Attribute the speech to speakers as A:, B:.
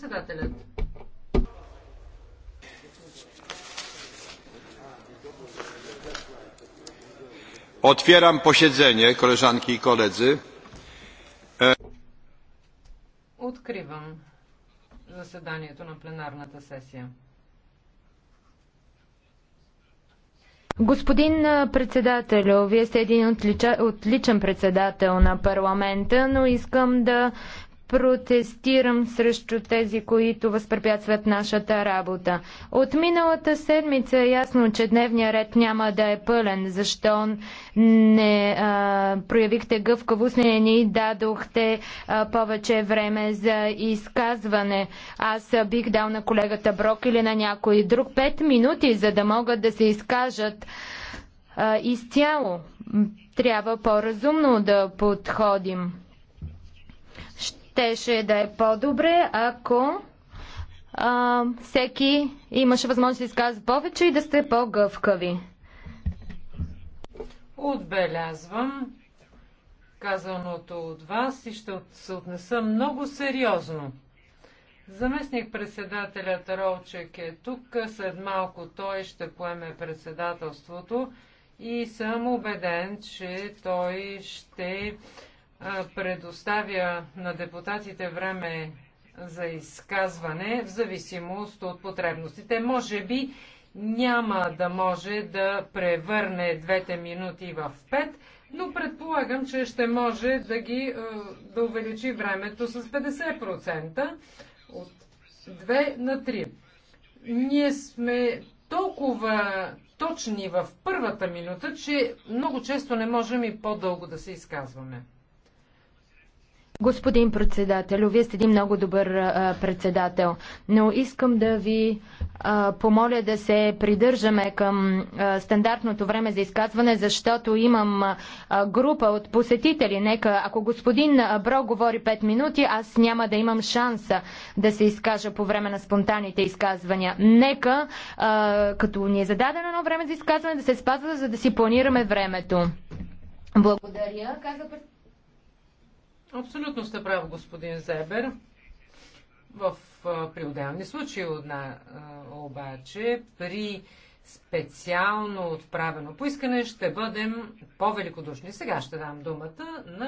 A: Председателят.
B: Отварям posiedzenie, колежанки и колеги.
A: Откривам заседанието на пленарната сесия.
B: Господин председател, вие сте един отличен председател на парламента, но искам да протестирам срещу тези, които възпрепятстват нашата работа. От миналата седмица е ясно, че дневния ред няма да е пълен. Защо не а, проявихте гъвкавост, не ни дадохте а, повече време за изказване. Аз бих дал на колегата Брок или на някой друг пет минути, за да могат да се изкажат а, изцяло. Трябва по-разумно да подходим. Щеше да е по-добре, ако а, всеки имаше възможност да изказва повече и да сте по-гъвкави.
A: Отбелязвам казаното от вас и ще се отнеса много сериозно. Заместник председателят Ролчек е тук, след малко той ще поеме председателството и съм убеден, че той ще предоставя на депутатите време за изказване в зависимост от потребностите. Може би няма да може да превърне двете минути в пет, но предполагам, че ще може да, ги, е, да увеличи времето с 50% от 2 на 3. Ние сме толкова точни в първата минута, че много често не можем и по-дълго да се изказваме.
B: Господин председател, вие сте един много добър а, председател, но искам да ви а, помоля да се придържаме към а, стандартното време за изказване, защото имам а, група от посетители. Нека, ако господин Бро говори 5 минути, аз няма да имам шанса да се изкажа по време на спонтанните изказвания. Нека, а, като ни е зададено едно време за изказване, да се спазва, за да си планираме времето. Благодаря, каза
A: Абсолютно сте прав, господин Зебер. В, при отделни случаи одна, обаче, при специално отправено поискане ще бъдем по-великодушни. Сега ще дам думата на